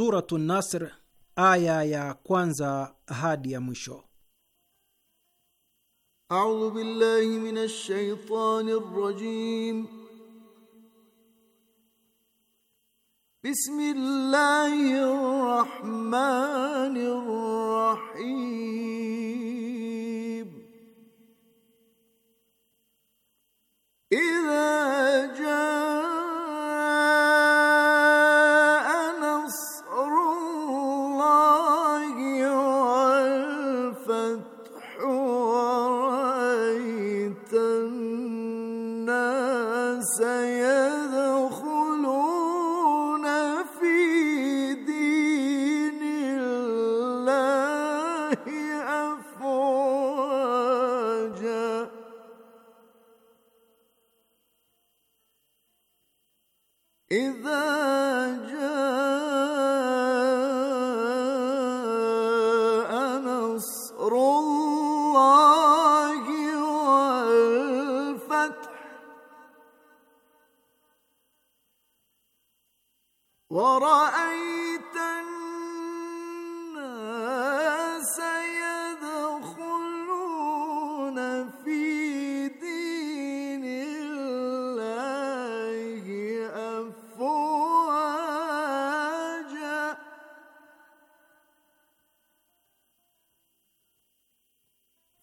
Suratu Nasr aya ya kwanza hadi ya mwisho. A'udhu billahi minash shaitani rrajim. Bismillahir rahman سيئة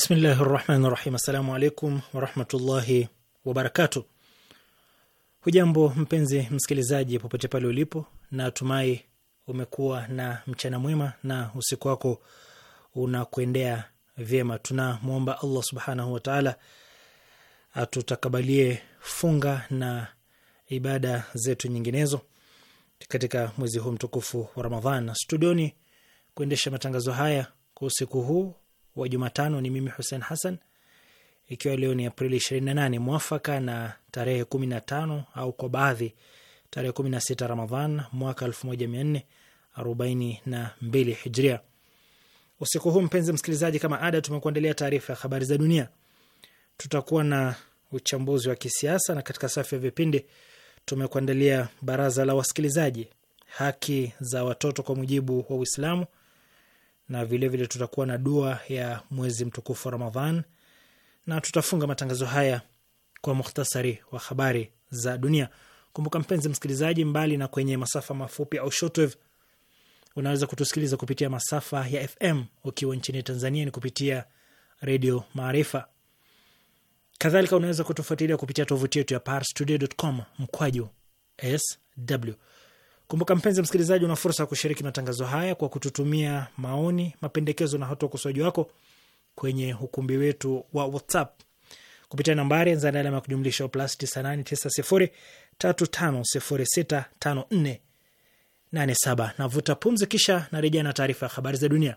Bismillahi rahmani rahim. Assalamu alaikum warahmatullahi wabarakatu. Hujambo mpenzi msikilizaji, popote pale ulipo, na tumai umekuwa na mchana mwema na usiku wako unakuendea vyema. Tunamwomba Allah subhanahu wataala atutakabalie funga na ibada zetu nyinginezo katika mwezi huu mtukufu wa Ramadhan. Studioni kuendesha matangazo haya kwa usiku huu wa Jumatano. Ni mimi Hussein Hassan, ikiwa leo ni Aprili 28 mwafaka na tarehe 15 au kwa baadhi tarehe 16 Ramadhan mwaka 1442 Hijria. Usiku huu mpenzi msikilizaji, kama ada, tumekuandalia taarifa ya habari za dunia, tutakuwa na uchambuzi wa kisiasa, na katika safu ya vipindi tumekuandalia baraza la wasikilizaji, haki za watoto kwa mujibu wa Uislamu, na vilevile vile tutakuwa na dua ya mwezi mtukufu wa Ramadhan na tutafunga matangazo haya kwa mukhtasari wa habari za dunia. Kumbuka mpenzi msikilizaji, mbali na kwenye masafa mafupi au shortwave, unaweza kutusikiliza kupitia masafa ya FM ukiwa nchini Tanzania ni kupitia Redio Maarifa. Kadhalika unaweza kutufuatilia kupitia tovuti yetu ya parstoday.com mkwaju sw Kumbuka mpenzi msikilizaji, una fursa ya kushiriki matangazo haya kwa kututumia maoni, mapendekezo na hata ukosoaji wako kwenye ukumbi wetu wa WhatsApp kupitia nambari za alama ya kujumlisha plus 989035065487. Navuta pumzi, kisha narejea na taarifa ya habari za dunia.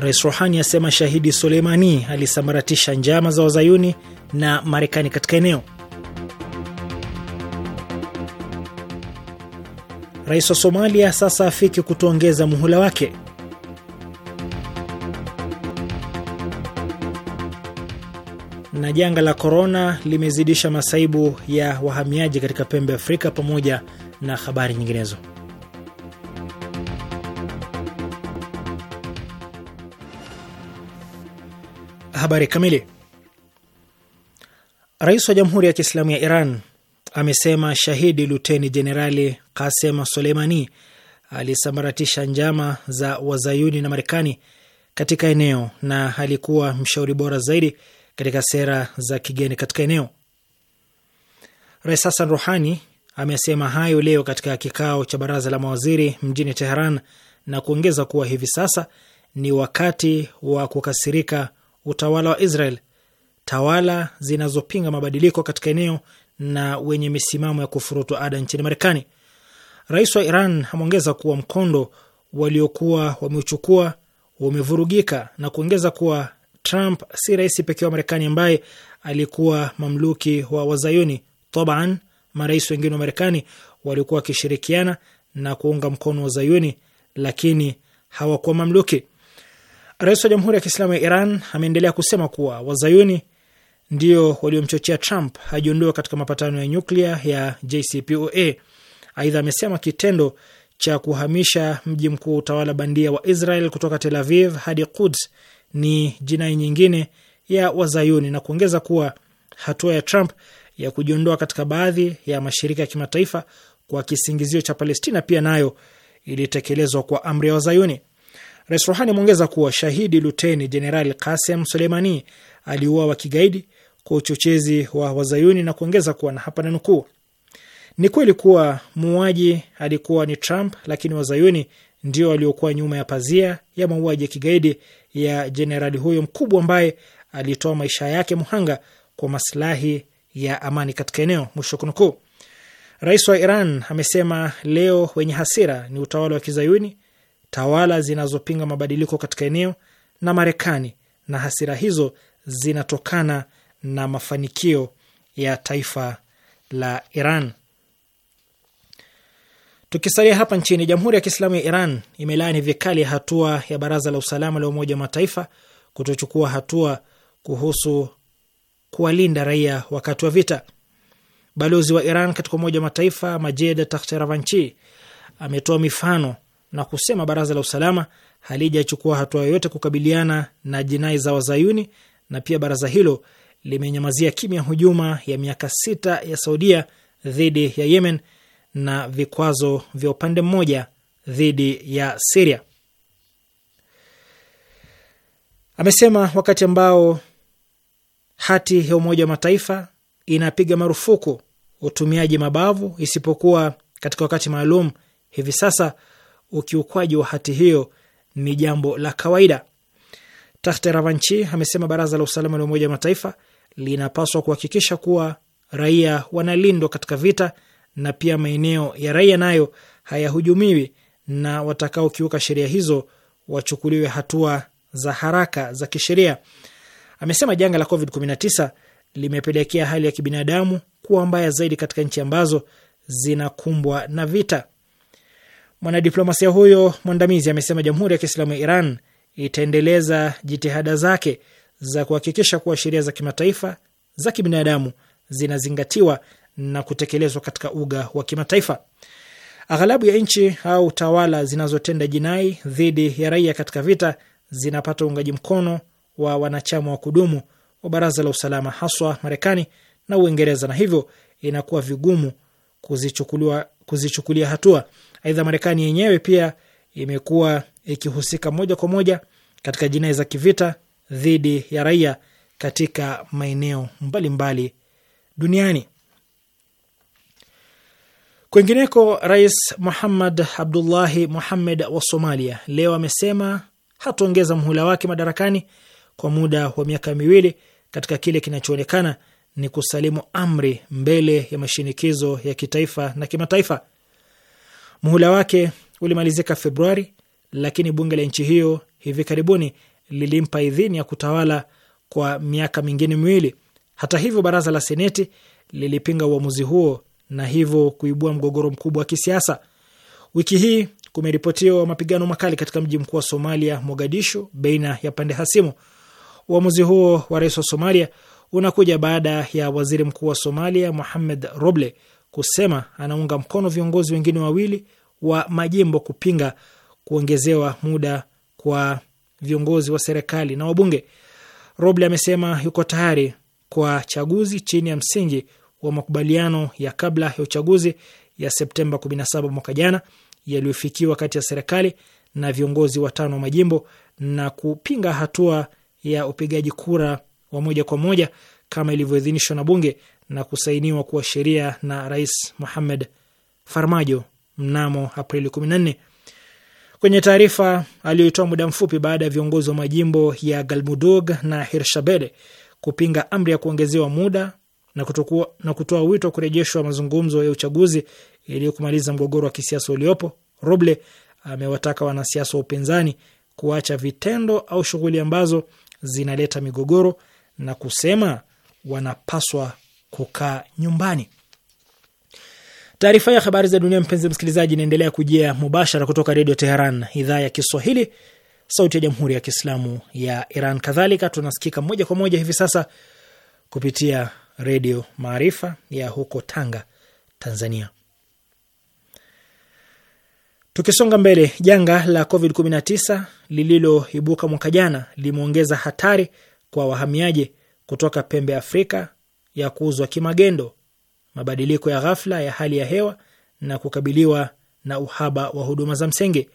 Rais Rohani asema shahidi Suleimani alisambaratisha njama za wazayuni na Marekani katika eneo. Rais wa Somalia sasa afiki kutoongeza muhula wake. Na janga la korona limezidisha masaibu ya wahamiaji katika pembe Afrika, pamoja na habari nyinginezo. Habari kamili. Rais wa Jamhuri ya Kiislamu ya Iran amesema shahidi luteni jenerali Kasem Soleimani alisambaratisha njama za wazayuni na Marekani katika eneo na alikuwa mshauri bora zaidi katika sera za kigeni katika eneo. Rais Hassan Rouhani amesema hayo leo katika kikao cha baraza la mawaziri mjini Teheran na kuongeza kuwa hivi sasa ni wakati wa kukasirika utawala wa Israel, tawala zinazopinga mabadiliko katika eneo na wenye misimamo ya kufurutu ada nchini Marekani. Rais wa Iran ameongeza kuwa mkondo waliokuwa wameuchukua umevurugika na kuongeza kuwa Trump si rais pekee wa Marekani ambaye alikuwa mamluki wa Wazayuni. Taban, marais wengine wa Marekani walikuwa wakishirikiana na kuunga mkono Wazayuni, lakini hawakuwa mamluki. Rais wa Jamhuri ya Kiislamu ya Iran ameendelea kusema kuwa wazayuni ndio waliomchochea Trump ajiondoe katika mapatano ya nyuklia ya JCPOA. Aidha, amesema kitendo cha kuhamisha mji mkuu wa utawala bandia wa Israel kutoka Tel Aviv hadi Quds ni jinai nyingine ya wazayuni na kuongeza kuwa hatua ya Trump ya kujiondoa katika baadhi ya mashirika ya kimataifa kwa kisingizio cha Palestina pia nayo ilitekelezwa kwa amri ya wazayuni. Rais Rohani ameongeza kuwa shahidi luteni jenerali Kasem Suleimani aliuawa kigaidi kwa uchochezi wa Wazayuni na kuongeza kuwa na hapa nanukuu, ni kweli kuwa muuaji alikuwa ni Trump, lakini Wazayuni ndio waliokuwa nyuma ya pazia ya mauaji ya kigaidi ya jenerali huyo mkubwa ambaye alitoa maisha yake mhanga kwa maslahi ya amani katika eneo, mwisho kunukuu. Rais wa Iran amesema leo wenye hasira ni utawala wa kizayuni tawala zinazopinga mabadiliko katika eneo na Marekani, na hasira hizo zinatokana na mafanikio ya taifa la Iran. Tukisalia hapa nchini, Jamhuri ya Kiislamu ya Iran imelaani vikali hatua ya Baraza la Usalama la Umoja wa Mataifa kutochukua hatua kuhusu kuwalinda raia wakati wa vita. Balozi wa Iran katika Umoja wa Mataifa Majed Takhtaravanchi ametoa mifano na kusema baraza la usalama halijachukua hatua yoyote kukabiliana na jinai za Wazayuni, na pia baraza hilo limenyamazia kimya hujuma ya miaka sita ya Saudia dhidi ya Yemen na vikwazo vya upande mmoja dhidi ya Siria. Amesema wakati ambao hati ya Umoja wa Mataifa inapiga marufuku utumiaji mabavu isipokuwa katika wakati maalum, hivi sasa ukiukwaji wa hati hiyo ni jambo la kawaida. Tahte Ravanchi amesema baraza la usalama la Umoja wa Mataifa linapaswa kuhakikisha kuwa raia wanalindwa katika vita na pia maeneo ya raia nayo hayahujumiwi na watakaokiuka sheria hizo wachukuliwe hatua za haraka za kisheria. Amesema janga la COVID-19 limepelekea hali ya kibinadamu kuwa mbaya zaidi katika nchi ambazo zinakumbwa na vita. Mwanadiplomasia huyo mwandamizi amesema Jamhuri ya Kiislamu ya Iran itaendeleza jitihada zake za kuhakikisha kuwa sheria za kimataifa za kibinadamu zinazingatiwa na kutekelezwa katika uga wa kimataifa. Aghalabu ya nchi au tawala zinazotenda jinai dhidi ya raia katika vita zinapata uungaji mkono wa wanachama wa kudumu wa Baraza la Usalama, haswa Marekani na Uingereza, na hivyo inakuwa vigumu kuzichukulia hatua. Aidha, Marekani yenyewe pia imekuwa ikihusika moja kwa moja katika jinai za kivita dhidi ya raia katika maeneo mbalimbali duniani. Kwingineko, Rais Muhammad Abdullahi Muhammed wa Somalia leo amesema hatuongeza mhula wake madarakani kwa muda wa miaka miwili katika kile kinachoonekana ni kusalimu amri mbele ya mashinikizo ya kitaifa na kimataifa. Muhula wake ulimalizika Februari, lakini bunge la nchi hiyo hivi karibuni lilimpa idhini ya kutawala kwa miaka mingine miwili. Hata hivyo, baraza la seneti lilipinga uamuzi huo na hivyo kuibua mgogoro mkubwa wa kisiasa. Wiki hii kumeripotiwa mapigano makali katika mji mkuu wa Somalia, Mogadishu, baina ya pande hasimu. Uamuzi huo wa rais wa Somalia unakuja baada ya waziri mkuu wa Somalia Mohamed Roble kusema anaunga mkono viongozi wengine wawili wa majimbo kupinga kuongezewa muda kwa viongozi wa serikali na wabunge. Roble amesema yuko tayari kwa chaguzi chini ya msingi wa makubaliano ya kabla ya uchaguzi ya Septemba 17 mwaka jana yaliyofikiwa kati ya serikali na viongozi watano wa majimbo na kupinga hatua ya upigaji kura wa moja kwa moja kama ilivyoidhinishwa na bunge na kusainiwa kuwa sheria na Rais Mohamed Farmajo mnamo Aprili 14. Kwenye taarifa aliyoitoa muda mfupi baada ya viongozi wa majimbo ya Galmudug na Hirshabelle kupinga amri ya kuongezewa muda na, kutokuwa, na kutoa wito wa kurejeshwa mazungumzo ya uchaguzi ili kumaliza mgogoro wa kisiasa uliopo, Roble amewataka wanasiasa wa upinzani kuacha vitendo au shughuli ambazo zinaleta migogoro na kusema wanapaswa kukaa nyumbani. Taarifa ya habari za dunia, mpenzi msikilizaji, inaendelea kujia mubashara kutoka Redio Teheran, idhaa ya Kiswahili, sauti ya Jamhuri ya Kiislamu ya Iran. Kadhalika tunasikika moja kwa moja hivi sasa kupitia Redio Maarifa ya huko Tanga, Tanzania. Tukisonga mbele, janga la COVID-19 lililoibuka mwaka jana limeongeza hatari kwa wahamiaji kutoka pembe Afrika ya kuuzwa kimagendo, mabadiliko ya ghafla ya hali ya hewa na kukabiliwa na uhaba wa huduma za msingi.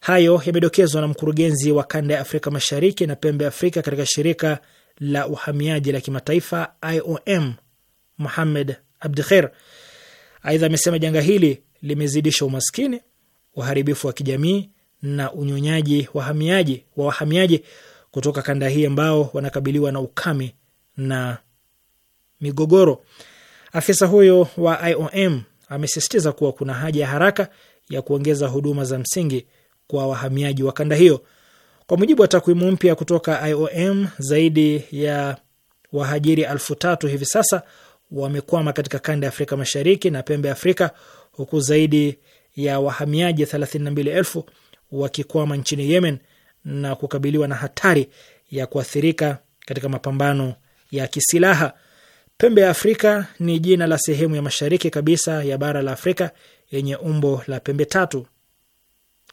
Hayo yamedokezwa na mkurugenzi wa kanda ya Afrika Mashariki na pembe Afrika katika shirika la uhamiaji la kimataifa IOM, Muhamed Abdikher. Aidha amesema janga hili limezidisha umaskini, uharibifu wa kijamii na unyonyaji wahamiaji wa wahamiaji kutoka kanda hii ambao wanakabiliwa na ukame na migogoro. Afisa huyo wa IOM amesisitiza kuwa kuna haja ya haraka ya kuongeza huduma za msingi kwa wahamiaji wa kanda hiyo. Kwa mujibu wa takwimu mpya kutoka IOM, zaidi ya wahajiri elfu tatu hivi sasa wamekwama katika kanda ya Afrika Mashariki na pembe ya Afrika, huku zaidi ya wahamiaji 32,000 wakikwama nchini Yemen na kukabiliwa na hatari ya kuathirika katika mapambano ya kisilaha. Pembe ya Afrika ni jina la sehemu ya mashariki kabisa ya bara la Afrika yenye umbo la pembe tatu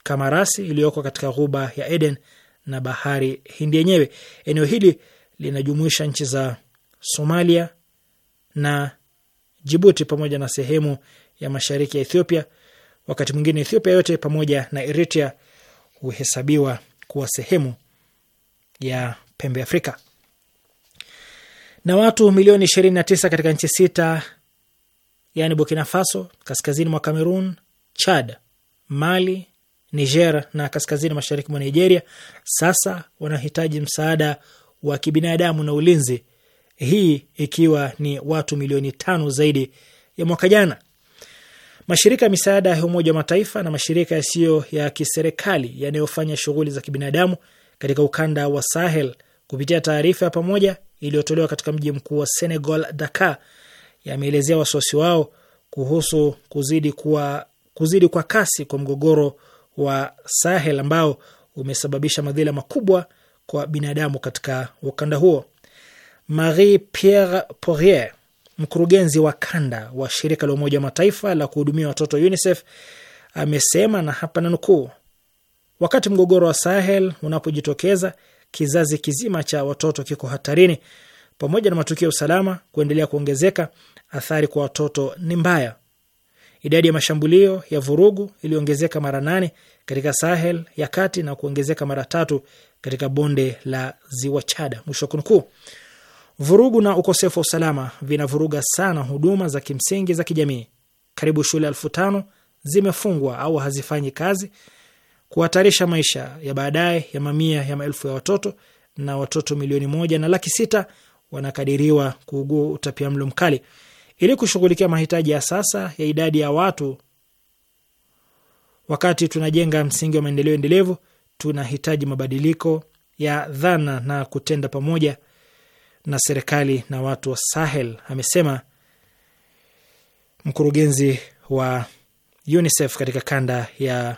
kama rasi iliyoko katika ghuba ya Eden na bahari Hindi yenyewe. Eneo hili linajumuisha nchi za Somalia na Jibuti pamoja na sehemu ya mashariki ya Ethiopia. Wakati mwingine Ethiopia yote pamoja na Eritrea huhesabiwa kuwa sehemu ya pembe Afrika na watu milioni 29 katika nchi sita, yani Burkina Faso, kaskazini mwa Cameroon, Chad, Mali, Niger na kaskazini mashariki mwa Nigeria, sasa wanahitaji msaada wa kibinadamu na ulinzi, hii ikiwa ni watu milioni tano zaidi ya mwaka jana. Mashirika ya misaada ya Umoja wa Mataifa na mashirika yasiyo ya kiserikali yanayofanya shughuli za kibinadamu katika ukanda wa Sahel kupitia taarifa ya pamoja iliyotolewa katika mji mkuu wa Senegal, Dakar, yameelezea wasiwasi wao kuhusu kuzidi, kuwa, kuzidi kwa kasi kwa mgogoro wa Sahel ambao umesababisha madhila makubwa kwa binadamu katika ukanda huo. Marie Pierre Poirier, mkurugenzi wa kanda wa shirika la Umoja wa Mataifa la kuhudumia watoto UNICEF, amesema na hapa nanukuu: wakati mgogoro wa Sahel unapojitokeza kizazi kizima cha watoto kiko hatarini. Pamoja na matukio ya usalama kuendelea kuongezeka, athari kwa watoto ni mbaya. Idadi ya mashambulio ya vurugu iliongezeka mara nane katika Sahel ya kati na kuongezeka mara tatu katika bonde la ziwa Chada. Mwisho kunukuu. Vurugu na ukosefu wa usalama vinavuruga sana huduma za kimsingi za kijamii. Karibu shule elfu tano zimefungwa au hazifanyi kazi kuhatarisha maisha ya baadaye ya mamia ya maelfu ya watoto na watoto milioni moja na laki sita wanakadiriwa kuugua utapia mlo mkali. Ili kushughulikia mahitaji ya sasa ya idadi ya watu, wakati tunajenga msingi wa maendeleo endelevu, tunahitaji mabadiliko ya dhana na kutenda pamoja na serikali na watu wa Sahel, amesema mkurugenzi wa UNICEF katika kanda ya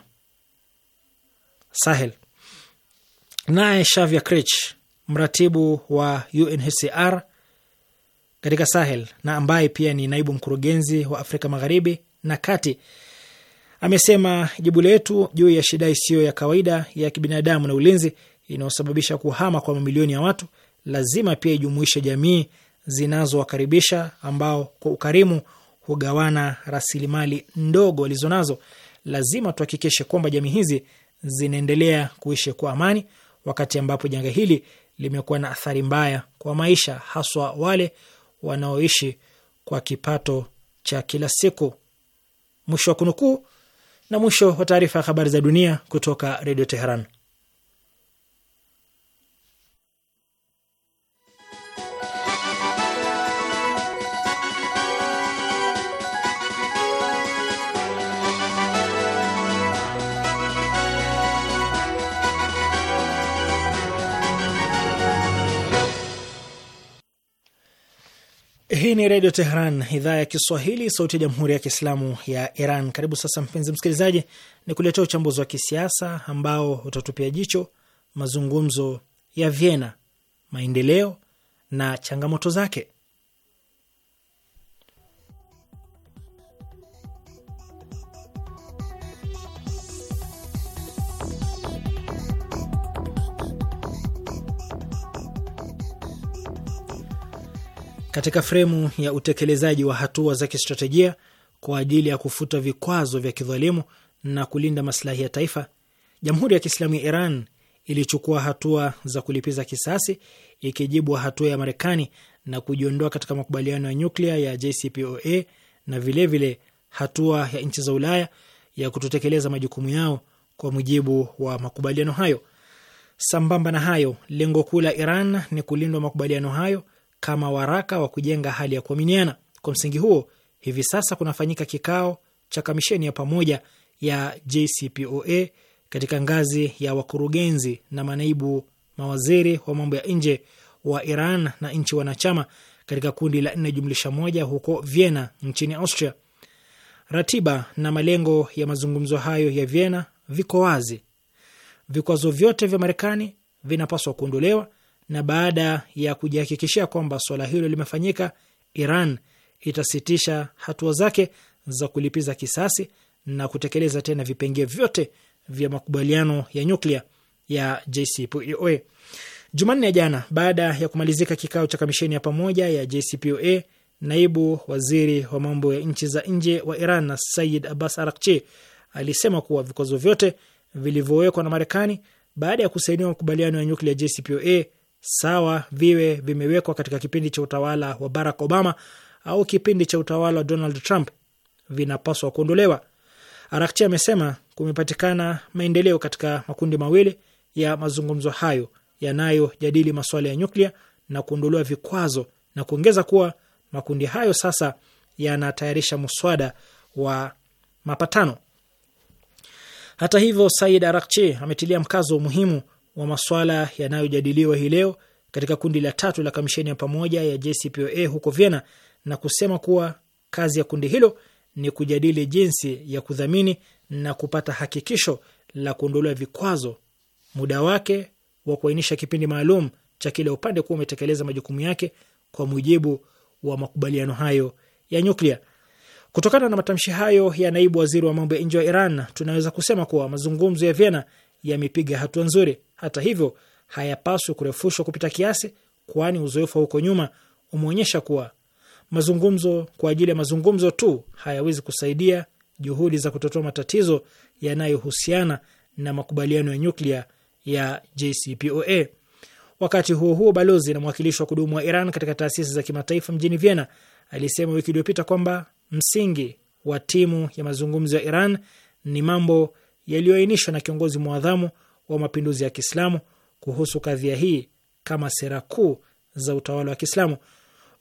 Sahel. Naye Shavya Krich, mratibu wa UNHCR katika Sahel na ambaye pia ni naibu mkurugenzi wa Afrika Magharibi na Kati, amesema jibu letu juu ya shida isiyo ya kawaida ya kibinadamu na ulinzi inayosababisha kuhama kwa mamilioni ya watu lazima pia ijumuishe jamii zinazowakaribisha ambao kwa ukarimu hugawana rasilimali ndogo walizonazo. Lazima tuhakikishe kwamba jamii hizi zinaendelea kuishi kwa amani, wakati ambapo janga hili limekuwa na athari mbaya kwa maisha, haswa wale wanaoishi kwa kipato cha kila siku. Mwisho wa kunukuu na mwisho wa taarifa ya habari za dunia kutoka Redio Teheran. Hii ni Redio Teheran, idhaa ya Kiswahili, sauti ya Jamhuri ya Kiislamu ya Iran. Karibu sasa, mpenzi msikilizaji, ni kuletea uchambuzi wa kisiasa ambao utatupia jicho mazungumzo ya Vienna, maendeleo na changamoto zake. katika fremu ya utekelezaji wa hatua za kistratejia kwa ajili ya kufuta vikwazo vya kidhalimu na kulinda maslahi ya taifa, Jamhuri ya Kiislamu ya Iran ilichukua hatua za kulipiza kisasi ikijibu hatua ya Marekani na kujiondoa katika makubaliano ya nyuklia ya JCPOA na vilevile vile hatua ya nchi za Ulaya ya kutotekeleza majukumu yao kwa mujibu wa makubaliano hayo. Sambamba na hayo, lengo kuu la Iran ni kulindwa makubaliano hayo kama waraka wa kujenga hali ya kuaminiana. Kwa msingi huo, hivi sasa kunafanyika kikao cha kamisheni ya pamoja ya JCPOA katika ngazi ya wakurugenzi na manaibu mawaziri wa mambo ya nje wa Iran na nchi wanachama katika kundi la nne jumlisha moja huko Vienna nchini Austria. Ratiba na malengo ya mazungumzo hayo ya Vienna viko wazi. Vikwazo vyote vya Marekani vinapaswa kuondolewa na baada ya kujihakikishia kwamba swala hilo limefanyika, Iran itasitisha hatua zake za kulipiza kisasi na kutekeleza tena vipengee vyote vya makubaliano ya nyuklia ya JCPOA. Jumanne jana, baada ya kumalizika kikao cha kamisheni ya pamoja ya JCPOA, naibu waziri wa mambo ya nchi za nje wa Iran na Sayid Abbas Arakchi alisema kuwa vikwazo vyote vilivyowekwa na Marekani baada ya kusainiwa makubaliano ya nyuklia JCPOA sawa viwe vimewekwa katika kipindi cha utawala wa Barack Obama au kipindi cha utawala wa Donald Trump vinapaswa kuondolewa. Arakchi amesema kumepatikana maendeleo katika makundi mawili ya mazungumzo hayo yanayojadili masuala ya nyuklia na kuondolewa vikwazo, na kuongeza kuwa makundi hayo sasa yanatayarisha muswada wa mapatano. Hata hivyo, Said Arakchi ametilia mkazo umuhimu wa maswala yanayojadiliwa hii leo katika kundi la tatu la kamisheni ya pamoja ya JCPOA huko Vienna na kusema kuwa kazi ya kundi hilo ni kujadili jinsi ya kudhamini na kupata hakikisho la kuondolewa vikwazo, muda wake wa kuainisha kipindi maalum cha kila upande kuwa umetekeleza majukumu yake kwa mujibu wa makubaliano hayo ya nyuklia. Kutokana na matamshi hayo ya naibu waziri wa mambo ya nje wa Iran, tunaweza kusema kuwa mazungumzo ya Vienna yamepiga hatua nzuri. Hata hivyo, hayapaswi kurefushwa kupita kiasi, kwani uzoefu huko nyuma umeonyesha kuwa mazungumzo kwa ajili ya mazungumzo tu hayawezi kusaidia juhudi za kutatua matatizo yanayohusiana na makubaliano ya nyuklia ya JCPOA. Wakati huo huo, balozi na mwakilishi wa kudumu wa Iran katika taasisi za kimataifa mjini Vienna alisema wiki iliyopita kwamba msingi wa timu ya mazungumzo ya Iran ni mambo yaliyoainishwa na kiongozi mwadhamu wa mapinduzi ya Kiislamu kuhusu kadhia hii kama sera kuu za utawala wa Kiislamu.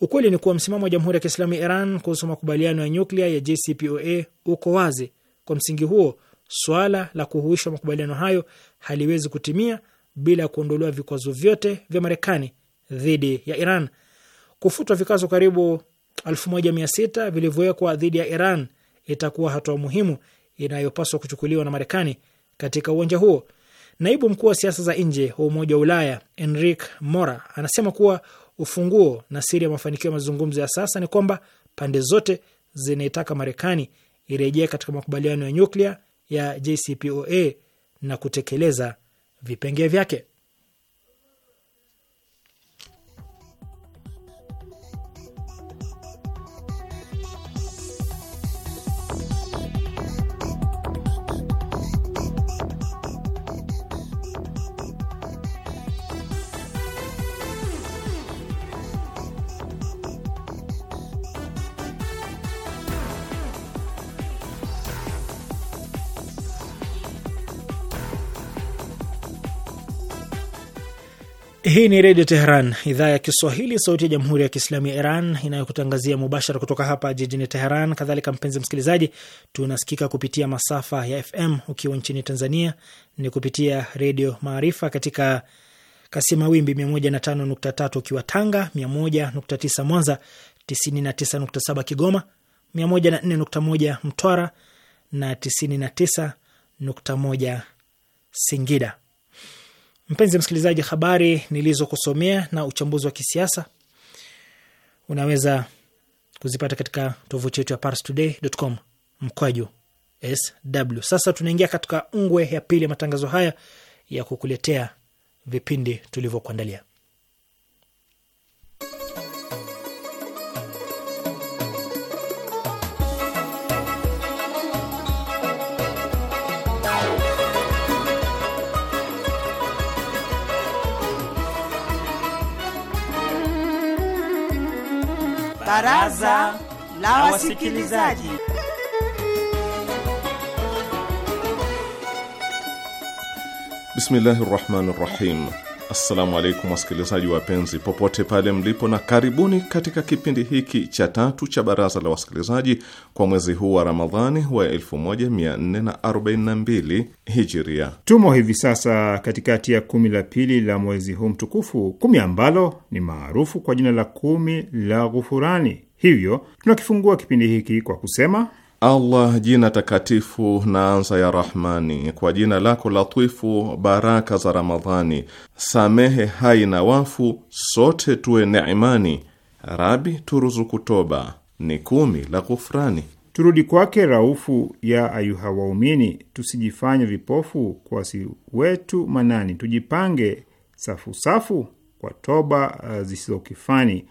Ukweli ni kuwa msimamo wa Jamhuri ya Kiislamu ya Iran kuhusu makubaliano ya nyuklia ya JCPOA uko wazi. Kwa msingi huo, swala la kuhuishwa makubaliano hayo haliwezi kutimia bila ya kuondolewa vikwazo vyote vya Marekani dhidi ya Iran. Kufutwa vikwazo karibu 1600 vilivyowekwa dhidi ya Iran itakuwa hatua muhimu inayopaswa kuchukuliwa na Marekani katika uwanja huo. Naibu mkuu wa siasa za nje wa Umoja wa Ulaya Enrique Mora anasema kuwa ufunguo na siri ya mafanikio ya mazungumzo ya sasa ni kwamba pande zote zinaitaka Marekani irejee katika makubaliano ya nyuklia ya JCPOA na kutekeleza vipengee vyake. Hii ni Redio Teheran, idhaa ya Kiswahili, sauti ya Jamhuri ya Kiislamu ya Iran inayokutangazia mubashara kutoka hapa jijini Teheran. Kadhalika mpenzi msikilizaji, tunasikika kupitia masafa ya FM. Ukiwa nchini Tanzania ni kupitia Redio Maarifa katika kasi mawimbi 105.3, ukiwa Tanga, 101.9 Mwanza, 99.7 Kigoma, 104.1 Mtwara na 99.1 Singida. Mpenzi msikilizaji, habari nilizokusomea na uchambuzi wa kisiasa unaweza kuzipata katika tovuti yetu ya parstoday.com mkwaju sw. Sasa tunaingia katika ungwe ya pili ya matangazo haya ya kukuletea vipindi tulivyokuandalia. Baraza la Wasikilizaji. Bismillahi rahmani rahim. Assalamu alaikum wasikilizaji wapenzi, popote pale mlipo, na karibuni katika kipindi hiki cha tatu cha baraza la wasikilizaji kwa mwezi huu wa Ramadhani wa 1442 Hijiria. Tumo hivi sasa katikati ya kumi la pili la mwezi huu mtukufu, kumi ambalo ni maarufu kwa jina la kumi la Ghufurani. Hivyo tunakifungua kipindi hiki kwa kusema Allah, jina takatifu na anza ya Rahmani, kwa jina lako latifu, baraka za Ramadhani, samehe hai na wafu, sote tuwe neimani. Rabi, turuzuku toba, ni kumi la ghufrani. Turudi kwake raufu ya ayuha waumini, tusijifanye vipofu kwa si wetu manani, tujipange safusafu safu kwa toba eh, zisizokifani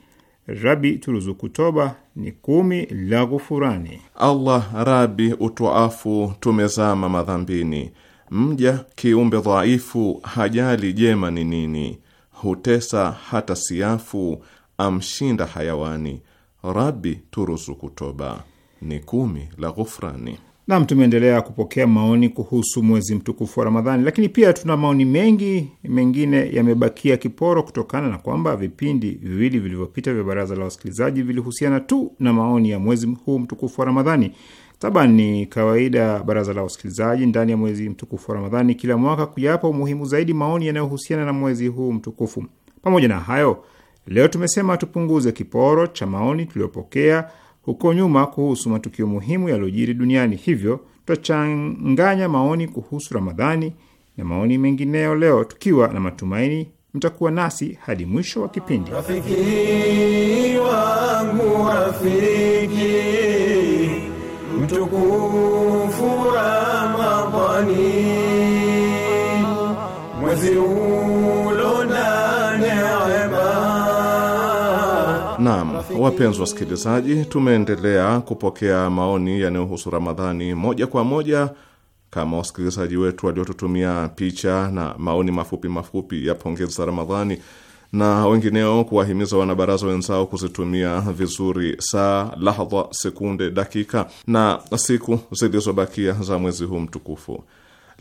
Rabi turuzuku toba ni kumi la ghufurani. Allah Rabi utuafu, tumezama madhambini. Mja kiumbe dhaifu, hajali jema ni nini, hutesa hata siafu, amshinda hayawani. Rabi turuzuku toba ni kumi la ghufurani. Nam, tumeendelea kupokea maoni kuhusu mwezi mtukufu wa Ramadhani, lakini pia tuna maoni mengi mengine yamebakia kiporo kutokana na kwamba vipindi viwili vilivyopita vya baraza la wasikilizaji vilihusiana tu na maoni ya mwezi huu mtukufu wa Ramadhani. Taban ni kawaida baraza la wasikilizaji ndani ya mwezi mtukufu wa Ramadhani kila mwaka kuyapa umuhimu zaidi maoni yanayohusiana na mwezi huu mtukufu. Pamoja na hayo, leo tumesema tupunguze kiporo cha maoni tuliyopokea huko nyuma kuhusu matukio muhimu yaliyojiri duniani. Hivyo tutachanganya maoni kuhusu Ramadhani na maoni mengineyo leo, tukiwa na matumaini mtakuwa nasi hadi mwisho wa kipindi. Rafiki wangu, rafiki wapenzi wasikilizaji, tumeendelea kupokea maoni yanayohusu Ramadhani moja kwa moja kama wasikilizaji wetu waliotutumia picha na maoni mafupi mafupi ya pongezi za Ramadhani na wengineo, kuwahimiza wanabaraza wenzao kuzitumia vizuri saa, lahadha, sekunde, dakika na siku zilizobakia za mwezi huu mtukufu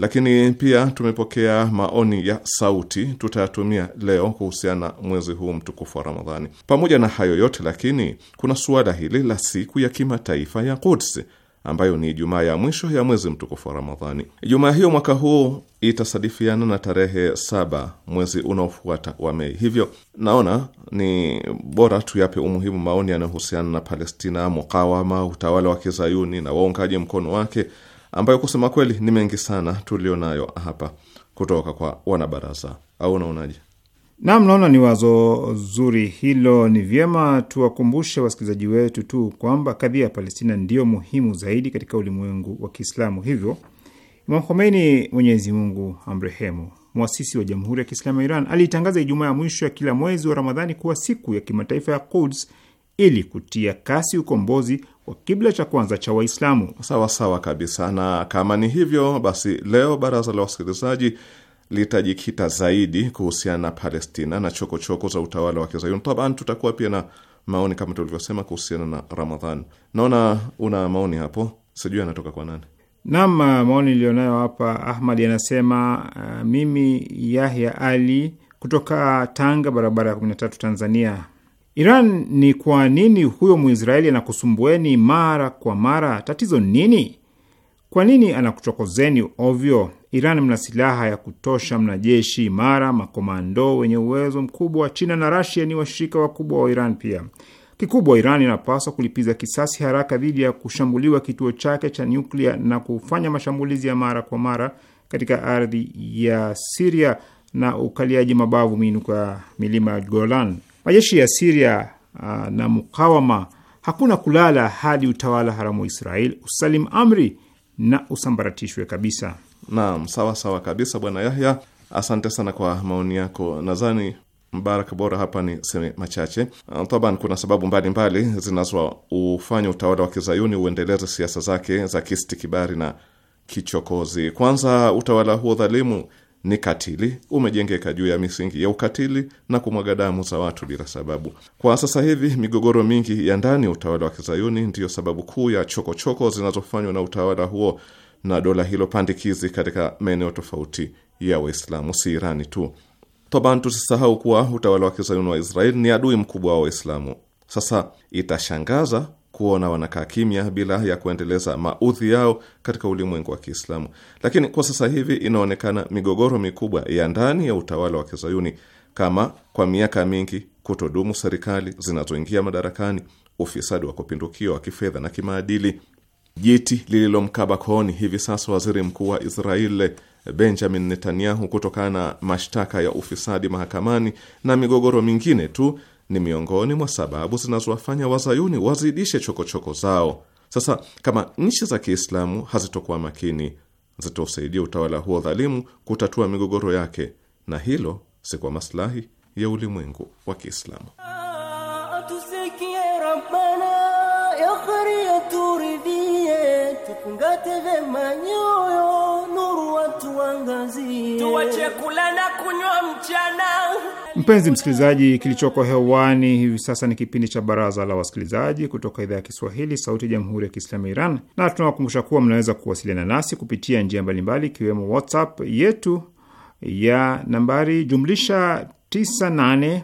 lakini pia tumepokea maoni ya sauti, tutayatumia leo kuhusiana mwezi huu mtukufu wa Ramadhani. Pamoja na hayo yote lakini, kuna suala hili la siku ya kimataifa ya Quds ambayo ni Ijumaa ya mwisho ya mwezi mtukufu wa Ramadhani. Ijumaa hiyo mwaka huu itasadifiana na tarehe saba mwezi unaofuata wa Mei, hivyo naona ni bora tuyape umuhimu maoni yanayohusiana na Palestina, mukawama, utawala wa kizayuni na waungaji mkono wake ambayo kusema kweli ni mengi sana tulionayo hapa kutoka kwa wanabaraza, au unaonaje? Naam, naona ni wazo zuri hilo. Ni vyema tuwakumbushe wasikilizaji wetu tu kwamba kadhia ya Palestina ndiyo muhimu zaidi katika ulimwengu wa Kiislamu. Hivyo Imam Khomeini, Mwenyezi Mungu amrehemu, mwasisi wa Jamhuri ya Kiislamu ya Iran, aliitangaza Ijumaa ya mwisho ya kila mwezi wa Ramadhani kuwa siku ya kimataifa ya Quds ili kutia kasi ukombozi wa kibla cha kwanza cha Waislamu. Sawa sawa kabisa, na kama ni hivyo basi, leo baraza la wasikilizaji litajikita zaidi kuhusiana na Palestina na chokochoko za utawala wa Kizayuni. Taban, tutakuwa pia na maoni kama tulivyosema kuhusiana na Ramadhan. Naona una maoni hapo, sijui anatoka kwa nani? Naam, uh, maoni iliyonayo hapa Ahmad anasema uh, mimi Yahya Ali kutoka Tanga, barabara ya 13 Tanzania Iran, ni kwa nini huyo Mwisraeli anakusumbueni mara kwa mara? Tatizo nini? Kwa nini anakuchokozeni ovyo? Iran mna silaha ya kutosha, mna jeshi imara, makomando wenye uwezo mkubwa. China na Rasia ni washirika wakubwa wa Iran pia. Kikubwa, Iran inapaswa kulipiza kisasi haraka dhidi ya kushambuliwa kituo chake cha nyuklia na kufanya mashambulizi ya mara kwa mara katika ardhi ya Siria na ukaliaji mabavu miinuko ya milima ya Golan. Majeshi ya Siria uh, na mukawama hakuna kulala hadi utawala haramu wa Israel usalim amri na usambaratishwe kabisa. Naam, sawa sawa kabisa, Bwana Yahya, asante sana kwa maoni yako. Nadhani mbaraka bora hapa ni seme machache uh, taban. Kuna sababu mbalimbali zinazoufanya utawala wa kizayuni uendeleze siasa zake za kistikibari na kichokozi. Kwanza, utawala huo dhalimu ni katili, umejengeka juu ya misingi ya ukatili na kumwaga damu za watu bila sababu. Kwa sasa hivi migogoro mingi ya ndani ya utawala wa kizayuni ndiyo sababu kuu ya chokochoko zinazofanywa na utawala huo na dola hilo pandikizi katika maeneo tofauti ya Waislamu, si Irani tu. toban tusisahau kuwa utawala wa kizayuni wa Israeli ni adui mkubwa wa Waislamu. Sasa itashangaza kuona wanakaa kimya bila ya kuendeleza maudhi yao katika ulimwengu wa Kiislamu. Lakini kwa sasa hivi inaonekana migogoro mikubwa ya ndani ya utawala wa Kizayuni, kama kwa miaka mingi kutodumu serikali zinazoingia madarakani, ufisadi wa kupindukia wa kifedha na kimaadili. Jiti lililomkaba kooni hivi sasa waziri mkuu wa Israeli Benjamin Netanyahu kutokana na mashtaka ya ufisadi mahakamani na migogoro mingine tu ni miongoni mwa sababu zinazowafanya wazayuni wazidishe chokochoko zao. Sasa kama nchi za Kiislamu hazitokuwa makini, zitausaidia utawala huo dhalimu kutatua migogoro yake, na hilo si kwa maslahi ya ulimwengu wa Kiislamu tuache kula na kunywa mchana. Mpenzi msikilizaji, kilichoko hewani hivi sasa ni kipindi cha Baraza la Wasikilizaji kutoka idhaa ya Kiswahili, Sauti ya Jamhuri ya Kiislamu ya Iran, na tunawakumbusha kuwa mnaweza kuwasiliana nasi kupitia njia mbalimbali ikiwemo WhatsApp yetu ya nambari jumlisha 98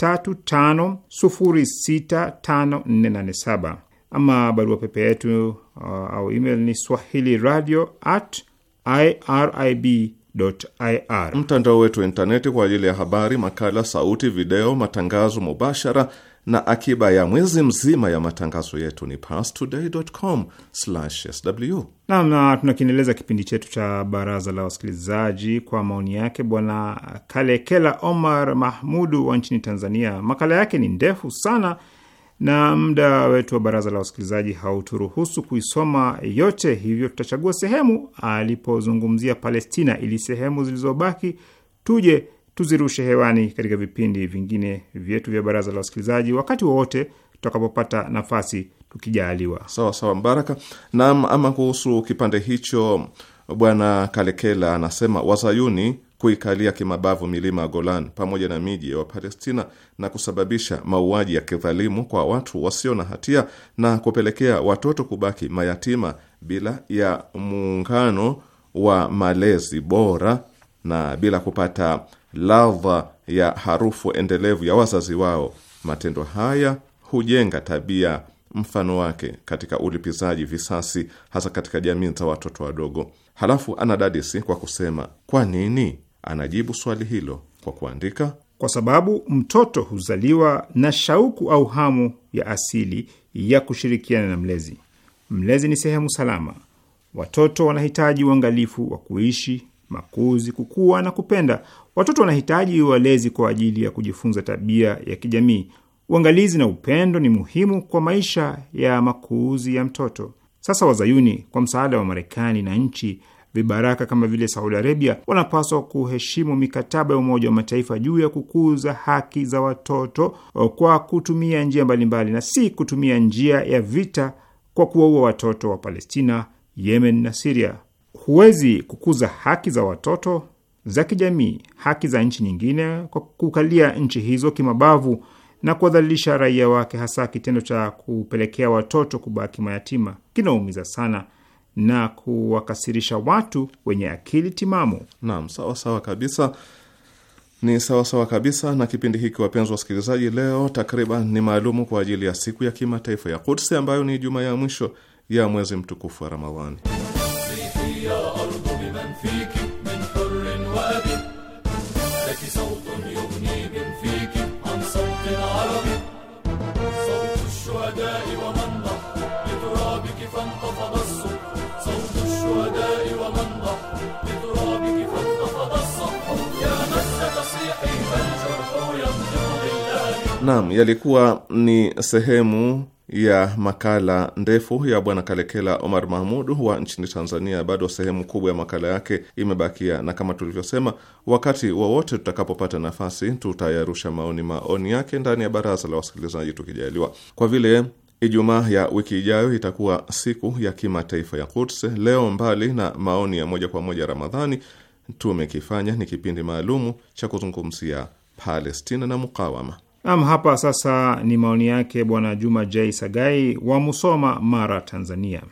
9035065487 ama barua pepe yetu uh, au email ni swahili radio at irib.ir, mtandao wetu wa intaneti kwa ajili ya habari, makala, sauti, video, matangazo mubashara na akiba ya mwezi mzima ya matangazo yetu ni pastoday.com/sw. Naam, na tunakiendeleza kipindi chetu cha baraza la wasikilizaji kwa maoni yake Bwana Kalekela Omar Mahmudu wa nchini Tanzania. Makala yake ni ndefu sana na muda wetu wa baraza la wasikilizaji hauturuhusu kuisoma yote, hivyo tutachagua sehemu alipozungumzia Palestina ili sehemu zilizobaki tuje tuzirushe hewani katika vipindi vingine vyetu vya baraza la wasikilizaji wakati wowote tutakapopata nafasi tukijaaliwa. Sawa sawa, Mbaraka. Naam, ama kuhusu kipande hicho, Bwana Kalekela anasema wazayuni kuikalia kimabavu milima ya Golan pamoja na miji ya Wapalestina na kusababisha mauaji ya kidhalimu kwa watu wasio na hatia na kupelekea watoto kubaki mayatima bila ya muungano wa malezi bora na bila kupata ladha ya harufu endelevu ya wazazi wao. Matendo haya hujenga tabia mfano wake katika ulipizaji visasi hasa katika jamii za watoto wadogo. Halafu anadadisi kwa kusema, kwa nini anajibu swali hilo kwa kuandika, kwa sababu mtoto huzaliwa na shauku au hamu ya asili ya kushirikiana na mlezi. Mlezi ni sehemu salama. Watoto wanahitaji uangalifu wa kuishi, makuzi, kukua na kupenda. Watoto wanahitaji walezi kwa ajili ya kujifunza tabia ya kijamii. Uangalizi na upendo ni muhimu kwa maisha ya makuzi ya mtoto. Sasa wazayuni kwa msaada wa Marekani na nchi vibaraka kama vile Saudi Arabia wanapaswa kuheshimu mikataba ya Umoja wa Mataifa juu ya kukuza haki za watoto kwa kutumia njia mbalimbali na si kutumia njia ya vita kwa kuwaua watoto wa Palestina, Yemen na Siria. Huwezi kukuza haki za watoto za kijamii, haki za nchi nyingine kwa kukalia nchi hizo kimabavu na kuwadhalilisha raia wake. Hasa kitendo cha kupelekea watoto kubaki mayatima kinaumiza sana na kuwakasirisha watu wenye akili timamu. Naam, sawa sawa kabisa. Ni sawa sawa kabisa na kipindi hiki, wapenzi wasikilizaji, leo takriban ni maalumu kwa ajili ya siku ya kimataifa ya kutsi ambayo ni Ijumaa ya mwisho ya mwezi mtukufu wa Ramadhani. Naam, yalikuwa ni sehemu ya makala ndefu ya Bwana Kalekela Omar Mahmudu wa nchini Tanzania. Bado sehemu kubwa ya makala yake imebakia, na kama tulivyosema, wakati wowote tutakapopata nafasi tutayarusha maoni maoni yake ndani ya baraza la wasikilizaji tukijaliwa. Kwa vile Ijumaa ya wiki ijayo itakuwa siku ya kimataifa ya Quds, leo mbali na maoni ya moja kwa moja Ramadhani, tumekifanya ni kipindi maalumu cha kuzungumzia Palestina na mukawama. Nam hapa sasa ni maoni yake Bwana Juma J Sagai wa Musoma, Mara, Tanzania.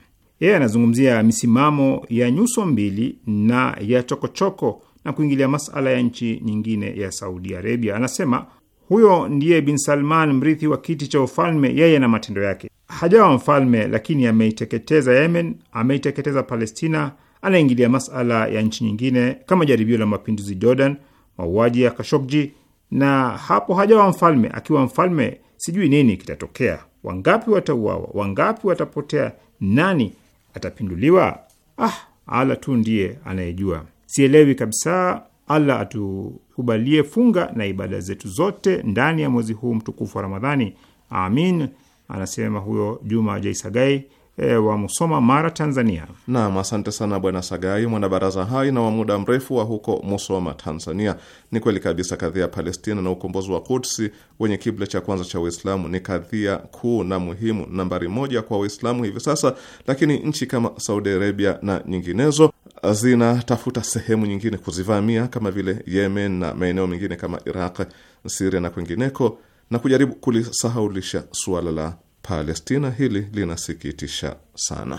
Yeye anazungumzia misimamo ya nyuso mbili na ya chokochoko na kuingilia masala ya nchi nyingine ya Saudi Arabia. Anasema huyo ndiye Bin Salman, mrithi wa kiti cha ufalme, yeye na matendo yake. Hajawa mfalme, lakini ameiteketeza Yemen, ameiteketeza Palestina, anaingilia masala ya nchi nyingine kama jaribio la mapinduzi Jordan, mauaji ya Kashokji na hapo hajawa mfalme, akiwa mfalme sijui nini kitatokea, wangapi watauawa, wangapi watapotea, nani atapinduliwa? Ah, Allah tu ndiye anayejua. Sielewi kabisa. Allah atukubalie funga na ibada zetu zote ndani ya mwezi huu mtukufu wa Ramadhani, amin. Anasema huyo Juma Jaisagai E, wa Musoma, Mara, Tanzania. Naam, asante sana Bwana sagai mwanabaraza hai na wa muda mrefu wa huko Musoma, Tanzania. Ni kweli kabisa, kadhia ya Palestina na ukombozi wa Kudsi wenye kibla cha kwanza cha Waislamu ni kadhia kuu na muhimu nambari moja kwa Waislamu hivi sasa, lakini nchi kama Saudi Arabia na nyinginezo zinatafuta sehemu nyingine kuzivamia kama vile Yemen na maeneo mengine kama Iraq, Siria na kwingineko na kujaribu kulisahaulisha suala la Palestina. Hili linasikitisha sana.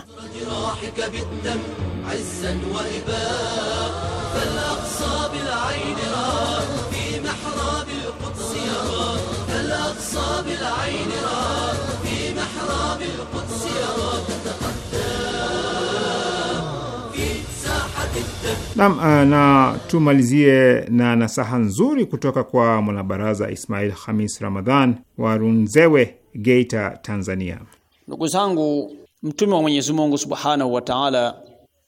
Nam, uh, na tumalizie na nasaha nzuri kutoka kwa mwanabaraza Ismail Hamis Ramadhan wa Runzewe, Geita, Tanzania. Ndugu zangu, Mtume wa Mwenyezi Mungu subhanahu wa taala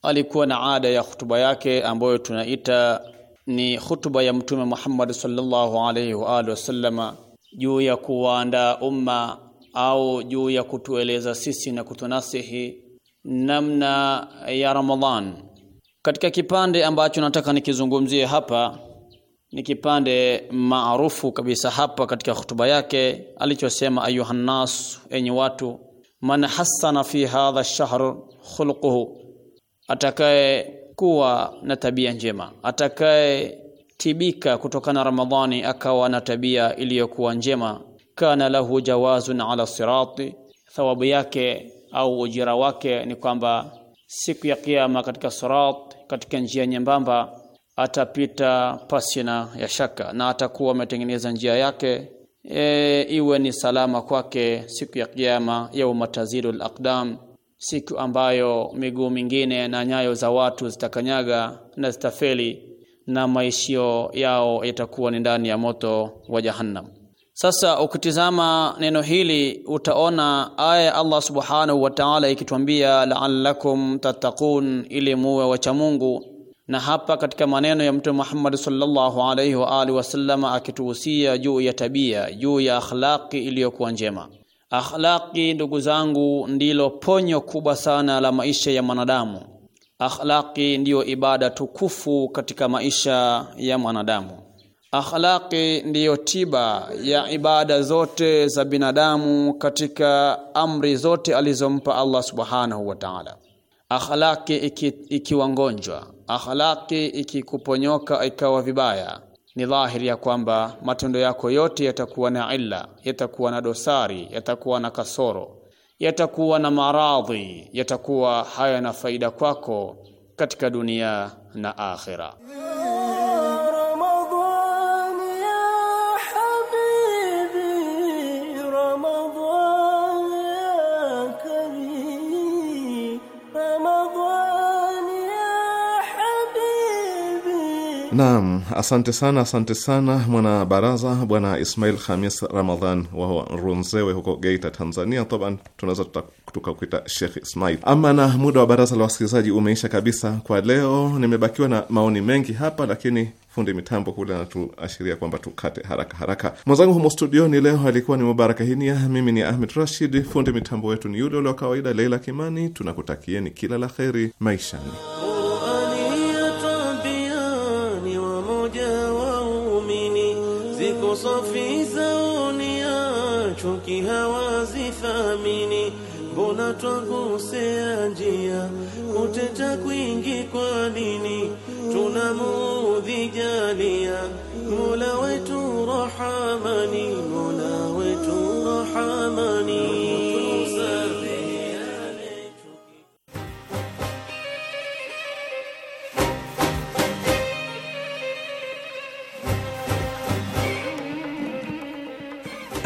alikuwa na ada ya hutuba yake ambayo tunaita ni hutuba ya Mtume Muhammad sallallahu alaihi wa alihi wasallama juu ya kuwaandaa umma au juu ya kutueleza sisi na kutunasihi namna ya Ramadhan katika kipande ambacho nataka nikizungumzie hapa ni kipande maarufu kabisa hapa katika hotuba yake alichosema ayuhan nas, enyi watu, man hassana fi hadha shahr khulquhu, atakaye kuwa na tabia njema, atakaye tibika kutokana Ramadhani akawa na tabia iliyokuwa njema, kana lahu jawazun ala sirati, thawabu yake au ujira wake ni kwamba siku ya kiyama katika sirat katika njia nyembamba atapita pasina ya shaka na atakuwa ametengeneza njia yake e, iwe ni salama kwake siku ya kiyama, yauma tazilul aqdam, siku ambayo miguu mingine na nyayo za watu zitakanyaga na zitafeli, na maishio yao yatakuwa ni ndani ya moto wa Jahannam. Sasa ukitizama neno hili utaona aya ya Allah subhanahu wa ta'ala ikituambia la'allakum tattaqun, ili muwe wacha Mungu. Na hapa katika maneno ya Mtume Muhammad sallallahu alayhi wa alihi wasallam akituhusia juu ya tabia, juu ya akhlaqi iliyokuwa njema. Akhlaqi, ndugu zangu, ndilo ponyo kubwa sana la maisha ya mwanadamu. Akhlaqi ndiyo ibada tukufu katika maisha ya mwanadamu. Akhlaqi ndiyo tiba ya ibada zote za binadamu katika amri zote alizompa Allah subhanahu wa ta'ala. Akhlaqi ikiwa iki ngonjwa, akhlaqi ikikuponyoka ikawa vibaya, ni dhahiri ya kwamba matendo yako yote yatakuwa na illa, yatakuwa na dosari, yatakuwa na kasoro, yatakuwa na maradhi, yatakuwa hayana faida kwako katika dunia na akhira. Naam, asante sana, asante sana mwanabaraza Bwana Ismail Khamis Ramadhan wa Runzewe huko Geita, Tanzania. Taban tunaweza tukakuita Shekh Ismail. Ama na muda wa baraza la wasikilizaji umeisha kabisa kwa leo. Nimebakiwa na maoni mengi hapa, lakini fundi mitambo kule anatuashiria kwamba tukate haraka haraka. Mwenzangu humo studioni leo alikuwa ni Mubaraka Hinia, mimi ni Ahmed Rashid, fundi mitambo wetu ni yule ule wa kawaida Leila Kimani. Tunakutakieni kila la kheri maishani. ziko safi za unia, chuki hawazithamini. Mbona twakosea njia, kuteta kwingi kwa nini? Tunamudhi jalia, Mola wetu rahamani, Mola wetu rahamani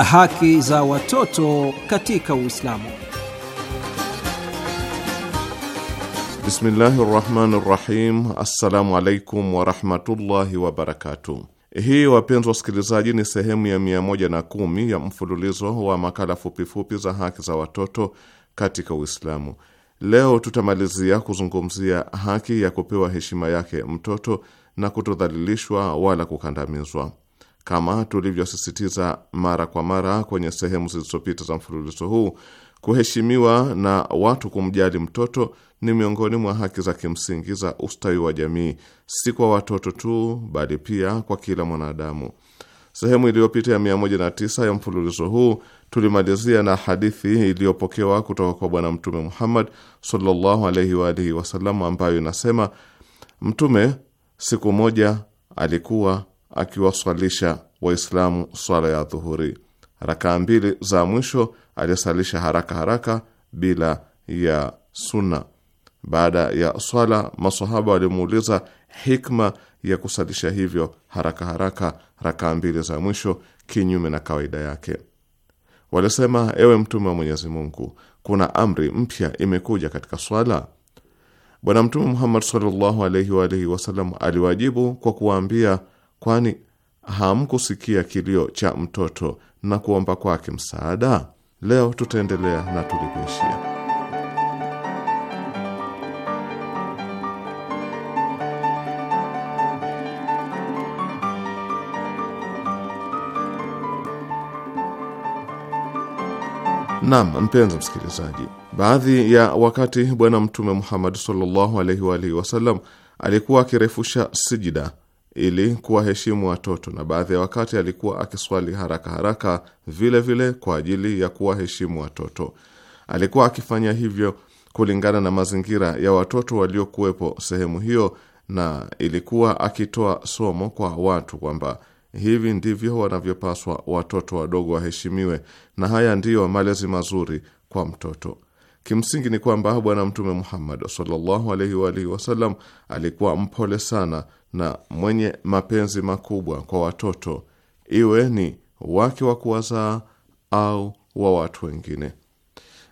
Haki za watoto katika Uislamu. Bismillahi rahmani rahim. Assalamu alaikum warahmatullahi wabarakatuh. Hii wapenzi wasikilizaji, ni sehemu ya 110 ya mfululizo wa makala fupifupi za haki za watoto katika Uislamu. Leo tutamalizia kuzungumzia haki ya kupewa heshima yake mtoto na kutodhalilishwa wala kukandamizwa kama tulivyosisitiza mara kwa mara kwenye sehemu zilizopita za mfululizo huu, kuheshimiwa na watu kumjali mtoto ni miongoni mwa haki za kimsingi za ustawi wa jamii, si kwa watoto tu, bali pia kwa kila mwanadamu. Sehemu iliyopita ya 109 ya mfululizo huu tulimalizia na hadithi iliyopokewa kutoka kwa Bwana Mtume Muhammad sallallahu alaihi wa alihi wasallam, ambayo inasema Mtume siku moja alikuwa akiwaswalisha Waislamu swala ya dhuhuri. Rakaa mbili za mwisho alisalisha haraka haraka bila ya sunna. Baada ya swala, masahaba walimuuliza hikma ya kusalisha hivyo haraka haraka rakaa mbili za mwisho kinyume na kawaida yake. Walisema, ewe Mtume wa Mwenyezi Mungu, kuna amri mpya imekuja katika swala? Bwana Mtume Muhammad sallallahu alaihi wa alihi wasallam aliwajibu kwa kuwaambia kwani hamkusikia kilio cha mtoto na kuomba kwake msaada? Leo tutaendelea na tulipoishia. Nam, mpenzi msikilizaji, baadhi ya wakati Bwana Mtume Muhammad sallallahu alaihi wa alihi wasallam alikuwa akirefusha sijida ili kuwaheshimu watoto, na baadhi ya wakati alikuwa akiswali haraka haraka vile vile kwa ajili ya kuwaheshimu watoto. Alikuwa akifanya hivyo kulingana na mazingira ya watoto waliokuwepo sehemu hiyo, na ilikuwa akitoa somo kwa watu kwamba hivi ndivyo wanavyopaswa watoto wadogo waheshimiwe, na haya ndiyo malezi mazuri kwa mtoto. Kimsingi ni kwamba Bwana Mtume Muhammad sallallahu alaihi wa alihi wasallam alikuwa mpole sana na mwenye mapenzi makubwa kwa watoto, iwe ni wake wa kuwazaa au wa watu wengine.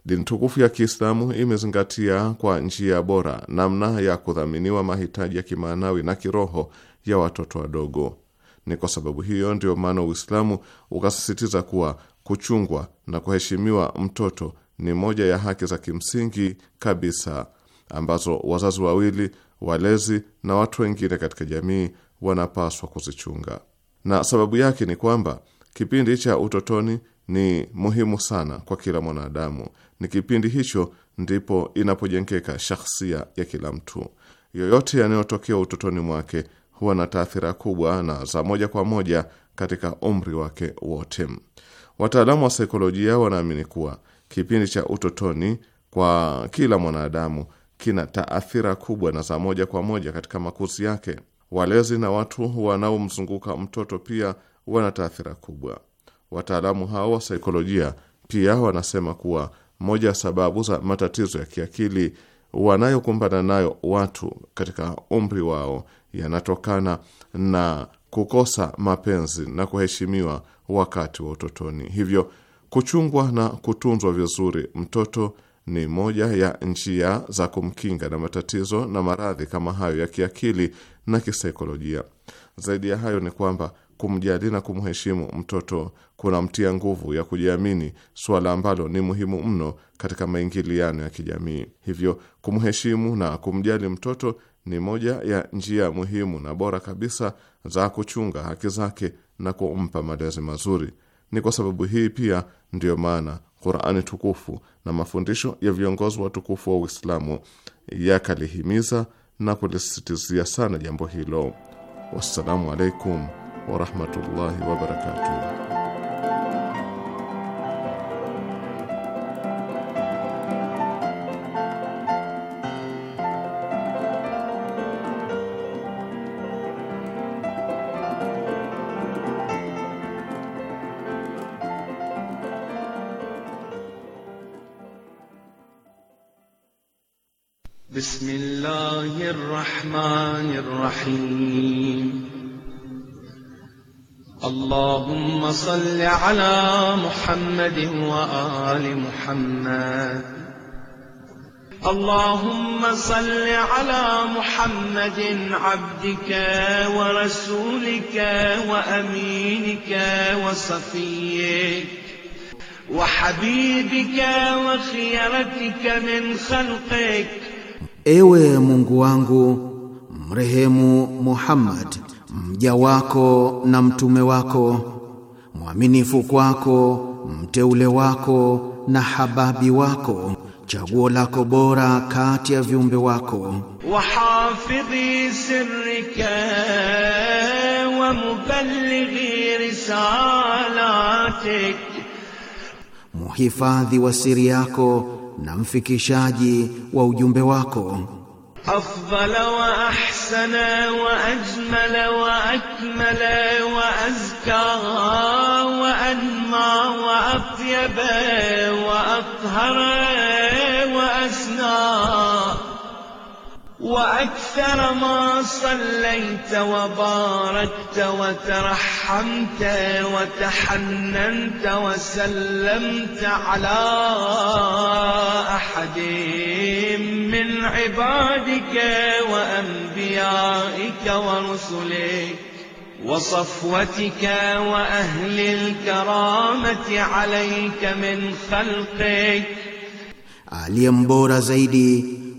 Dini tukufu ya Kiislamu imezingatia kwa njia bora namna ya kudhaminiwa mahitaji ya kimaanawi na kiroho ya watoto wadogo. Ni kwa sababu hiyo ndiyo maana Uislamu ukasisitiza kuwa kuchungwa na kuheshimiwa mtoto ni moja ya haki za kimsingi kabisa ambazo wazazi wawili walezi na watu wengine katika jamii wanapaswa kuzichunga, na sababu yake ni kwamba kipindi cha utotoni ni muhimu sana kwa kila mwanadamu. Ni kipindi hicho ndipo inapojengeka shakhsia ya kila mtu. Yoyote yanayotokea utotoni mwake huwa na taathira kubwa na za moja kwa moja katika umri wake wote. Wataalamu wa saikolojia wanaamini kuwa kipindi cha utotoni kwa kila mwanadamu kina taathira kubwa na za moja kwa moja katika makuzi yake. Walezi na watu wanaomzunguka mtoto pia wana taathira kubwa. Wataalamu hao wa saikolojia pia wanasema kuwa moja ya sababu za matatizo ya kiakili wanayokumbana nayo watu katika umri wao yanatokana na kukosa mapenzi na kuheshimiwa wakati wa utotoni. Hivyo kuchungwa na kutunzwa vizuri mtoto ni moja ya njia za kumkinga na matatizo na maradhi kama hayo ya kiakili na kisaikolojia. Zaidi ya hayo ni kwamba kumjali na kumheshimu mtoto kunamtia nguvu ya kujiamini, suala ambalo ni muhimu mno katika maingiliano ya kijamii. Hivyo, kumheshimu na kumjali mtoto ni moja ya njia muhimu na bora kabisa za kuchunga haki zake na kumpa malezi mazuri. Ni kwa sababu hii pia ndiyo maana Qurani tukufu na mafundisho ya viongozi watukufu wa Uislamu yakalihimiza na kulisisitizia sana jambo hilo. Wassalamu alaikum warahmatullahi wabarakatuh. الرحيم اللهم صل على محمد وآل محمد اللهم صل على محمد عبدك ورسولك وأمينك وصفيك وحبيبك وخيرتك من خلقك ewe يا wangu Mrehemu Muhammad mja wako na mtume wako mwaminifu kwako mteule wako na hababi wako chaguo lako bora kati ya viumbe wako. wahafidhi sirrika wa mubalighi risalatik, muhifadhi wa siri yako na mfikishaji wa ujumbe wako. أفضل وأحسن وأجمل وأكمل وأزكى وأنمى وأطيب وأطهر وأسنى وأكثر ما صليت وباركت وترحمت وتحننت وسلمت على أحد من عبادك وأنبيائك ورسلك وصفوتك وأهل الكرامة عليك من خلقك علي مبورة زيدي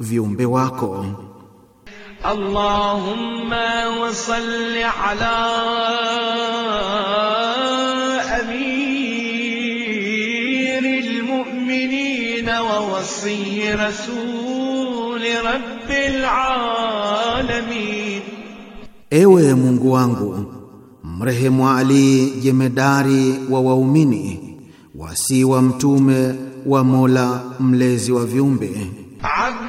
viumbe wako. Allahumma wa salli ala amiril mu'minin wa wasi rasul rabbil alamin, Ewe Mungu wangu mrehemu Ali jemedari wa waumini wasi wa mtume wa Mola mlezi wa viumbe Abdi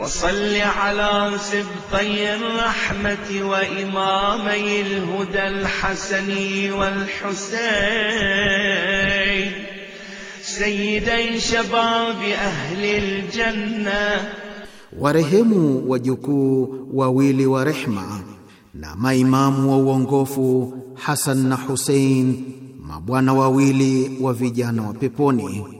وصل على سبطي الرحمة وإمامي الهدى الحسن والحسين سيدي شباب أهل الجنة warehemu wajukuu wawili wa rehma na maimamu wa uongofu Hasan na Husein, mabwana wawili wa vijana wa peponi.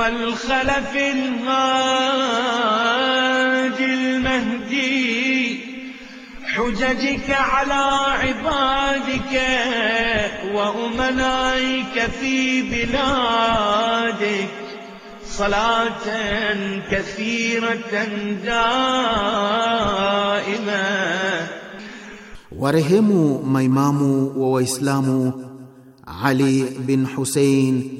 والخلف الهادي المهدي حججك على عبادك وأمنائك في بلادك صلاة كثيرة دائمة ورهموا ميمام وإسلام علي بن حسين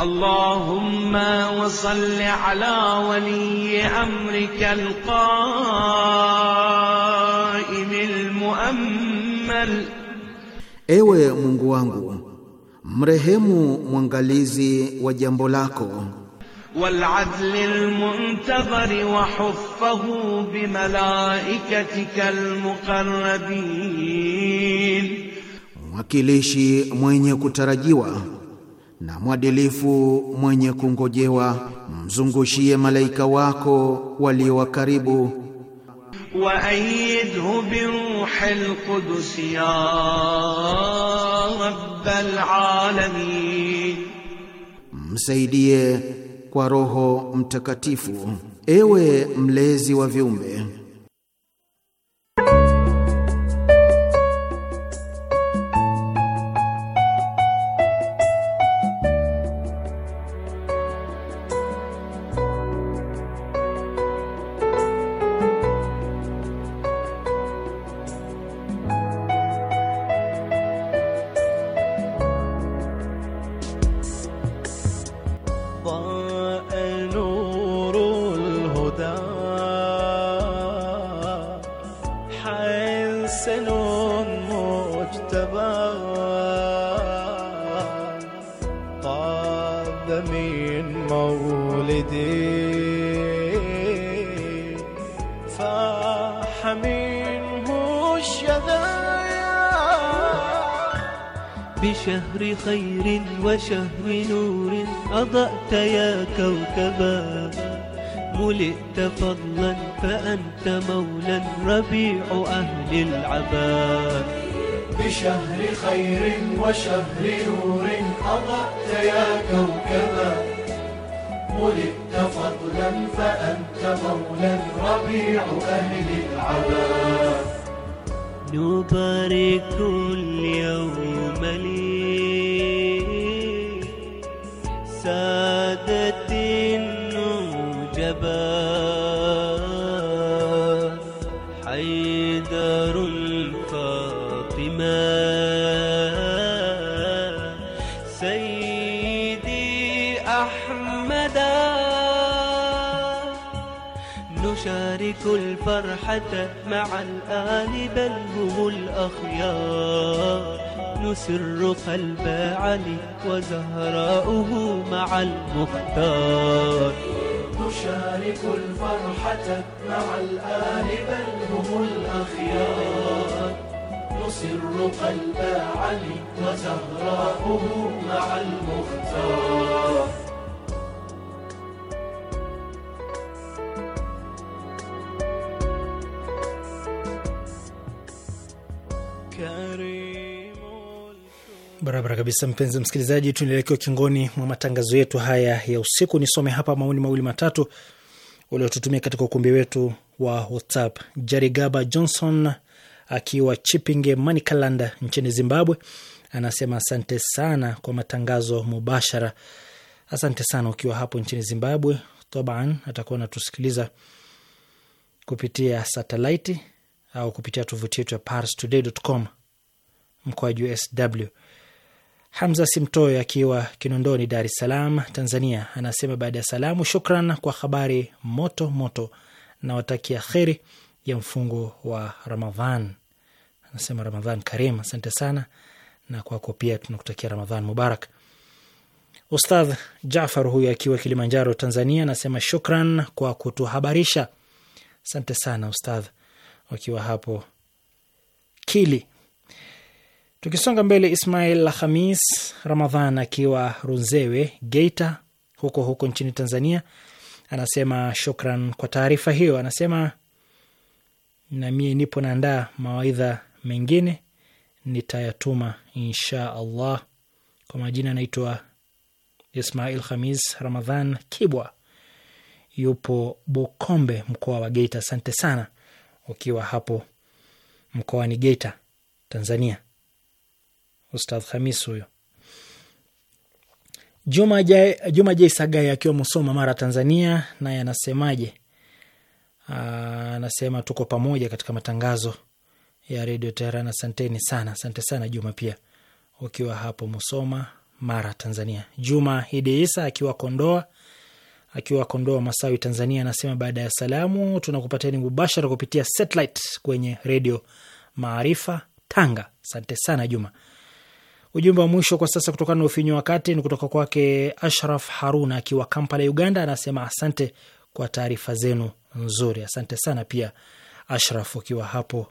اللهم وصل على ولي أمرك القائم المؤمل Ewe Mungu wangu mrehemu mwangalizi wa jambo lako والعدل المنتظر وحفه بملائكتك المقربين mwakilishi mwenye kutarajiwa na mwadilifu mwenye kungojewa, mzungushie malaika wako walio wakaribu. Wa aidhu bi ruhil qudus ya rabbal alamin, msaidie kwa Roho Mtakatifu, ewe mlezi wa viumbe. شهر نور أضأت يا كوكبا ولدت فضلا فأنت مولا ربيع أهل العباس نباركك الفرحة مع الآل بل هم الأخيار نسر قلب علي وزهراؤه مع المختار نشارك الفرحة مع الآل بل هم الأخيار نسر قلب علي وزهراؤه مع المختار Barabara kabisa, mpenzi msikilizaji, tunaelekea kingoni mwa matangazo yetu haya ya usiku. Nisome hapa maoni mawili matatu uliotutumia katika ukumbi wetu wa WhatsApp. Jarigaba Johnson akiwa Chipinge, Manicaland nchini Zimbabwe anasema asante sana kwa matangazo mubashara. Asante sana ukiwa hapo nchini Zimbabwe. toban atakuwa anatusikiliza kupitia satelaiti au kupitia tovuti yetu ya parstoday.com mkoa wa sw Hamza Simtoyo akiwa Kinondoni, Dar es Salaam, Tanzania, anasema baada ya salamu, shukran kwa habari moto moto, nawatakia kheri ya mfungo wa Ramadhan. Anasema Ramadhan karim. Asante sana, na kwako pia tunakutakia Ramadhan mubarak. Ustadh Jafar huyu akiwa Kilimanjaro, Tanzania, anasema shukran kwa kutuhabarisha. Asante sana Ustadh, wakiwa hapo Kili Tukisonga mbele, Ismail khamis Ramadhan akiwa Runzewe, Geita, huko huko nchini Tanzania, anasema shukran kwa taarifa hiyo. Anasema namie nipo naandaa mawaidha mengine nitayatuma insha Allah. Kwa majina anaitwa Ismail Hamis Ramadhan Kibwa, yupo Bukombe, mkoa wa Geita. Asante sana ukiwa hapo mkoani Geita, Tanzania. Ustadh Hamis huyo. Juma Jai, Juma Sagai akiwa Musoma, Mara, Tanzania, naye anasemaje? Ah, anasema tuko pamoja katika matangazo ya redio Teheran. Asanteni sana, asante sana Juma, pia ukiwa hapo Musoma, Mara, Tanzania. Juma Hidi Isa akiwa Kondoa, akiwa Kondoa Masawi, Tanzania, anasema baada ya salamu, tunakupateni mubashara kupitia satellite kwenye redio Maarifa Tanga. Asante sana Juma. Ujumbe wa mwisho kwa sasa kutokana na ufinyu wa wakati ni kutoka kwake Ashraf Haruna akiwa Kampala, Uganda. Anasema asante kwa taarifa zenu nzuri. Asante sana pia Ashraf ukiwa hapo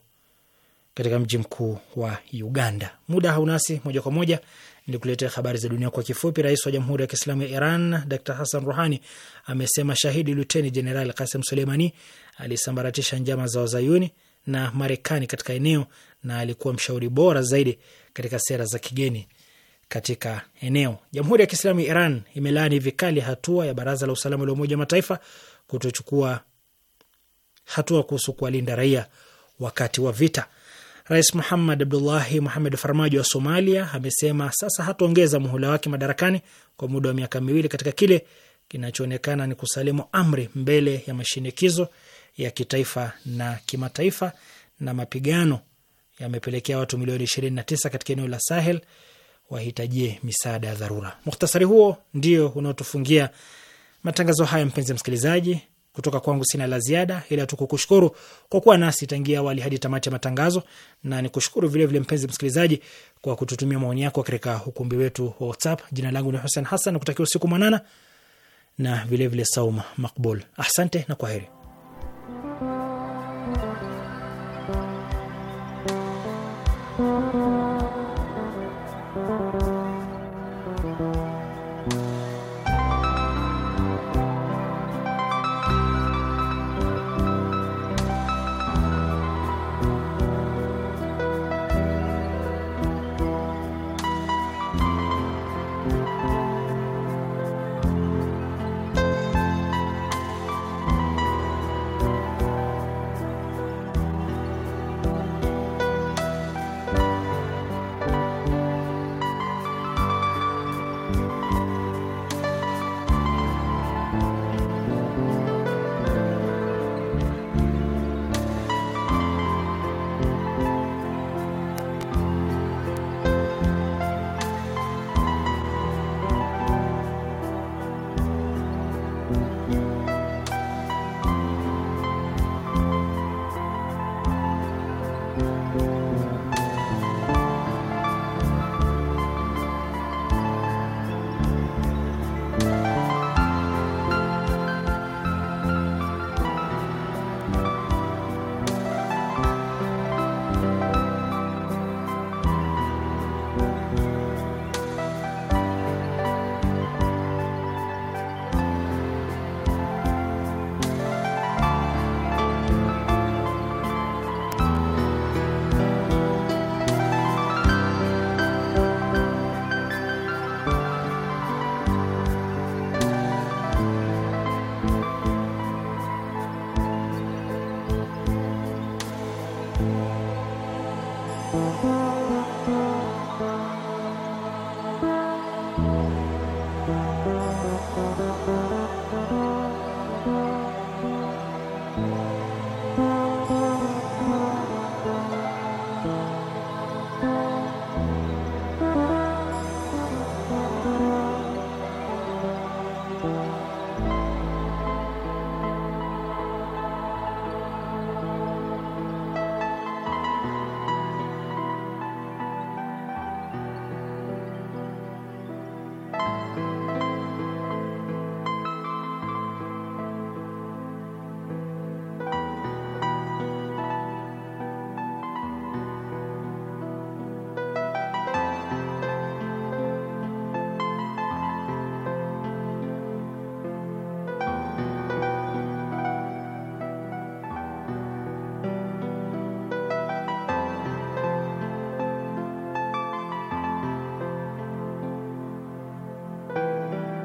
katika mji mkuu wa Uganda. Muda haunasi moja kwa moja nilikuletea habari za dunia kwa kifupi. Rais wa Jamhuri ya Kiislamu ya Iran Dr Hassan Ruhani amesema shahidi luteni jenerali Kasim Suleimani alisambaratisha njama za Wazayuni na Marekani katika eneo na alikuwa mshauri bora zaidi katika sera za kigeni katika eneo. Jamhuri ya Kiislamu ya Iran imelaani vikali hatua ya Baraza la Usalama la Umoja wa Mataifa kutochukua hatua kuhusu kuwalinda raia wakati wa vita. Rais Muhammad Abdullahi Muhamed Farmajo wa Somalia amesema sasa hatuongeza muhula wake madarakani kwa muda wa miaka miwili katika kile kinachoonekana ni kusalimu amri mbele ya mashinikizo ya kitaifa na kimataifa na mapigano yamepelekea watu milioni 29 katika eneo la Sahel wahitajie misaada ya dharura. Mukhtasari huo ndio unaotufungia matangazo haya, mpenzi msikilizaji. Kutoka kwangu sina la ziada, ila tu kukushukuru kwa kuwa nasi tangia awali hadi tamati ya matangazo, na nikushukuru vilevile mpenzi msikilizaji kwa kututumia maoni yako katika ukumbi wetu wa WhatsApp. Jina langu ni Hussein Hassan, nakutakia usiku mwanana na vilevile vile sauma makbul. Asante na kwaheri.